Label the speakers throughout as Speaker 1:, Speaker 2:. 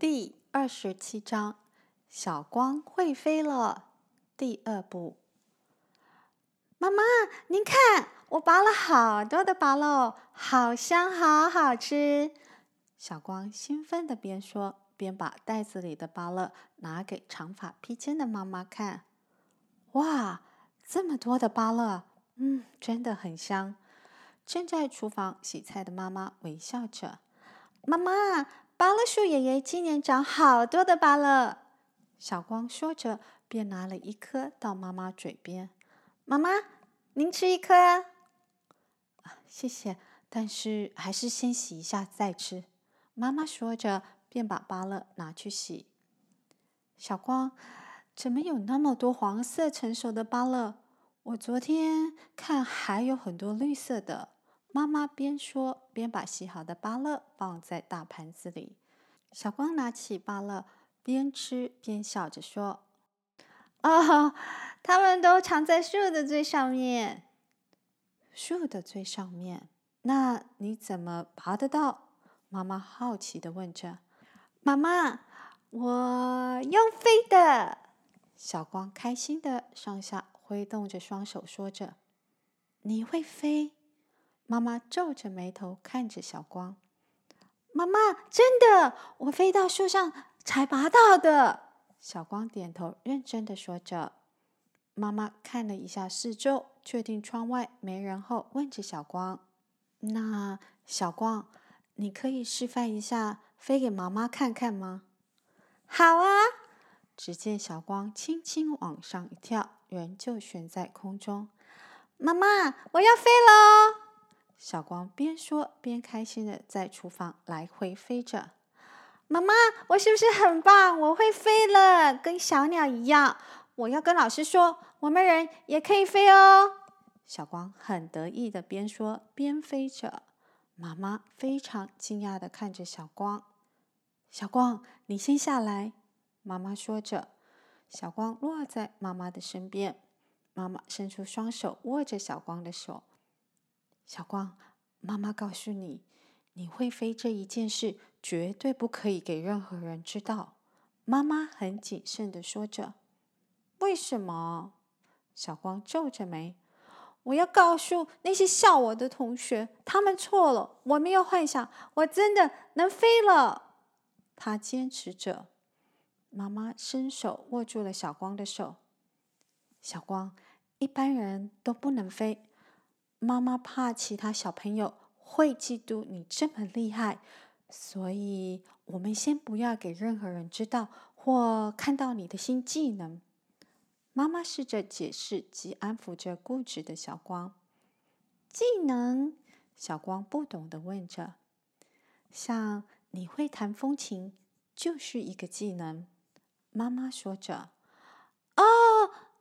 Speaker 1: 第二十七章：小光會飛了。第二步，媽媽，您看，我拔了好多的芭樂，好香，好好吃。小光興奮地邊說邊把袋子裡的芭樂拿給長髮披肩的媽媽看：“哇，這麼多的芭樂，嗯，真的很香。”正在廚房洗菜的媽媽微笑着：“媽媽，芭樂樹爺爺今年長好多的芭樂。”小光說着便拿了一顆到媽媽嘴邊：“媽媽，您吃一顆呀。啊，謝謝，但是還是先洗一下再吃。”媽媽說着，便把芭樂拿去洗。小光，怎麼有那麼多黃色成熟的芭樂？我昨天看還有很多綠色的。媽媽邊說邊把洗好的芭樂放在大盤子裡。小光拿起芭樂，邊吃邊笑着說：“哦，它們都藏在樹的最上面。樹的最上面，那你怎麼爬得到？”媽媽好奇地問着：“媽媽，我用飛的。”小光開心的上下揮動着雙手，說着：“你會飛？”媽媽皺着眉頭看着小光：“媽媽，真的，我飛到樹上才拔到的。”小光點頭認真地說着。媽媽看了一下四周，確定窗外沒人後，問着小光：“那小光？”你可以示範一下飛給媽媽看看嗎？好啊！只見小光輕輕往上一跳，人就懸在空中。媽媽，我要飛嘍！小光邊說邊開心地在廚房來回飛着。媽媽，我是不是很棒？我會飛了，跟小鳥一樣。我要跟老師說，我們人也可以飛哦！小光很得意地邊說邊飛着。媽媽非常驚訝的看着小光，小光，你先下來。”媽媽說着小光落在媽媽的身邊，媽媽伸出雙手握着小光的手。小光，媽媽告訴你，你會飛這一件事絕對不可以給任何人知道。”媽媽很謹慎的說着。“為什麼？”小光皺着眉。我要告訴那些笑我的同學，他們錯了。我沒有幻想，我真的能飛了。他堅持着，媽媽伸手握住了小光的手。小光，一般人都不能飛。媽媽怕其他小朋友會嫉妒你這麼厲害，所以我們先不要給任何人知道或看到你的新技能。媽媽試着解釋及安撫着固執的小光。技能？小光不懂地問着。像你會彈風琴就是一個技能，媽媽說着。哦，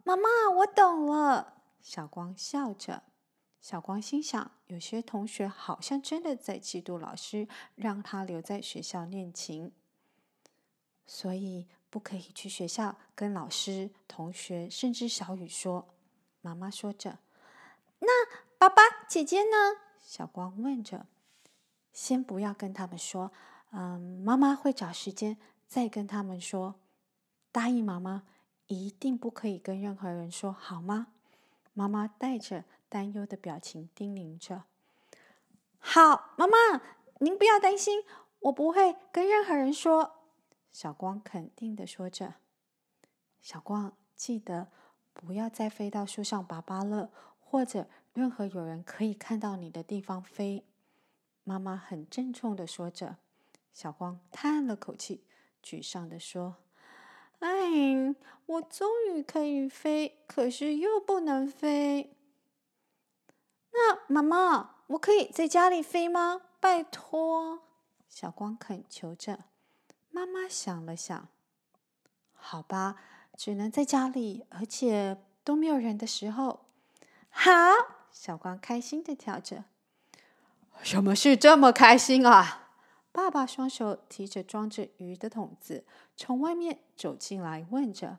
Speaker 1: 媽媽，我懂了。小光笑着。小光心想：有些同學好像真的在嫉妒老師，讓他留在學校練琴。所以。不可以去學校跟老師、同學，甚至小雨說。媽媽說着：“那爸爸、姐姐呢？”小光問着。“先不要跟他們說，嗯，媽媽會找時間再跟他們說。答應媽媽，一定不可以跟任何人說，好嗎？”媽媽帶着擔憂的表情叮嚀着。“好，媽媽，您不要擔心，我不會跟任何人說。”小光肯定地說着：“小光，記得不要再飛到樹上、拔芭樂了，或者任何有人可以看到你的地方飛。”媽媽很鄭重地說着。小光嘆了口氣，沮喪地說：“哎，我終於可以飛，可是又不能飛。那媽媽，我可以在家裡飛嗎？拜托。”小光懇求着。媽媽想了想，好吧，只能在家裡，而且都沒有人的時候。好，小光開心的跳着。什麼事這麼開心啊？爸爸雙手提着裝着魚的桶子，從外面走進來問着：“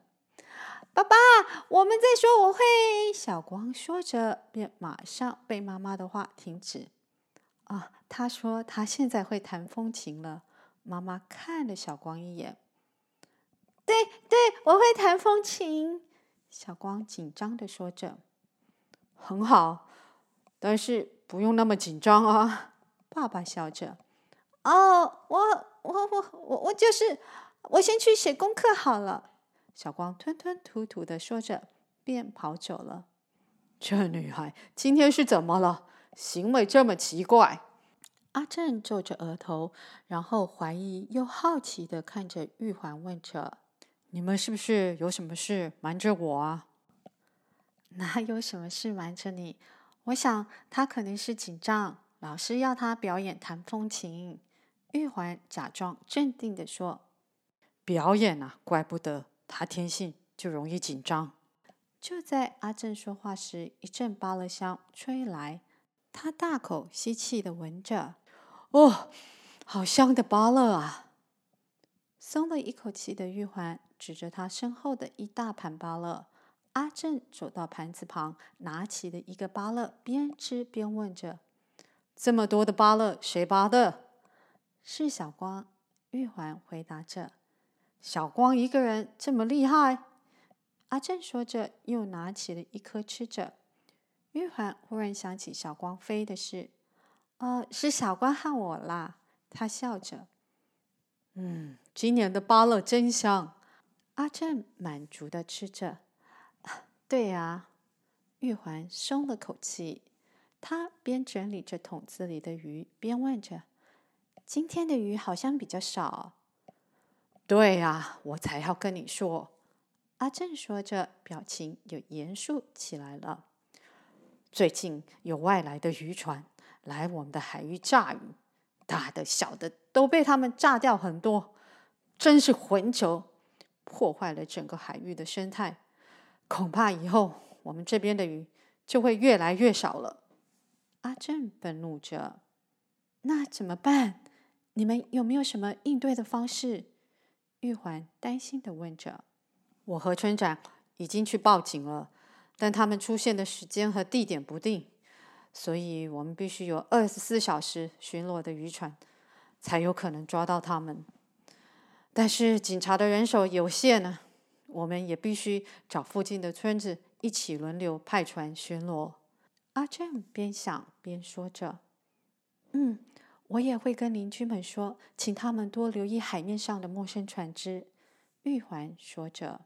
Speaker 1: 爸爸，我們在說我會。”小光說着，便馬上被媽媽的話停止。啊，他說他現在會彈風琴了。媽媽看了小光一眼，對，對，我會彈風琴。小光緊張的說着，很好，但是不用那麼緊張啊。爸爸笑着。哦，我我我我，我就是，我先去寫功課好了。小光吞吞吐吐的說着，便跑走了。這女孩今天是怎麼了？行為這麼奇怪。阿正皺着額頭，然後懷疑又好奇的看着玉環，問着：“你們是不是有什麼事瞞着我啊？”“哪有什麼事瞞着你？我想他可能是緊張，老師要他表演彈風琴。”玉環假裝鎮定的說：“表演啊，怪不得他天性就容易緊張。”就在阿正說話時，一陣芭樂香吹來。他大口吸氣的聞着，哦，好香的芭樂啊！鬆了一口氣的玉環指着他身後的一大盤芭樂。阿正走到盤子旁，拿起了一個芭樂，邊吃邊問着：“這麼多的芭樂，誰拔的？”“是小光。”玉環回答着。“小光一個人這麼厲害？”阿正說着，又拿起了一顆吃着。玉環忽然想起小光飛的事，呃，是小光害我啦。他笑着，嗯，今年的芭樂真香。阿正滿足的吃着，對呀、啊。玉環鬆了口氣，他邊整理着桶子裡的魚，邊問着：“今天的魚好像比較少。”對呀、啊，我才要跟你說。”阿正說着，表情又嚴肅起來了。最近有外來的漁船來我們的海域炸魚，大的小的都被他們炸掉很多，真是混球！破壞了整個海域的生態，恐怕以後我們這邊的魚就會越來越少了。阿正憤怒着：“那怎麼辦？你們有沒有什麼應對的方式？”玉環擔心的問着：“我和村長已經去報警了。”但他們出現的時間和地點不定，所以我們必須有二十四小時巡邏的漁船，才有可能抓到他們。但是警察的人手有限呢、啊，我們也必須找附近的村子一起輪流派船巡邏。阿正邊想邊說着：“嗯，我也會跟鄰居們說，請他們多留意海面上的陌生船隻。”玉環說着。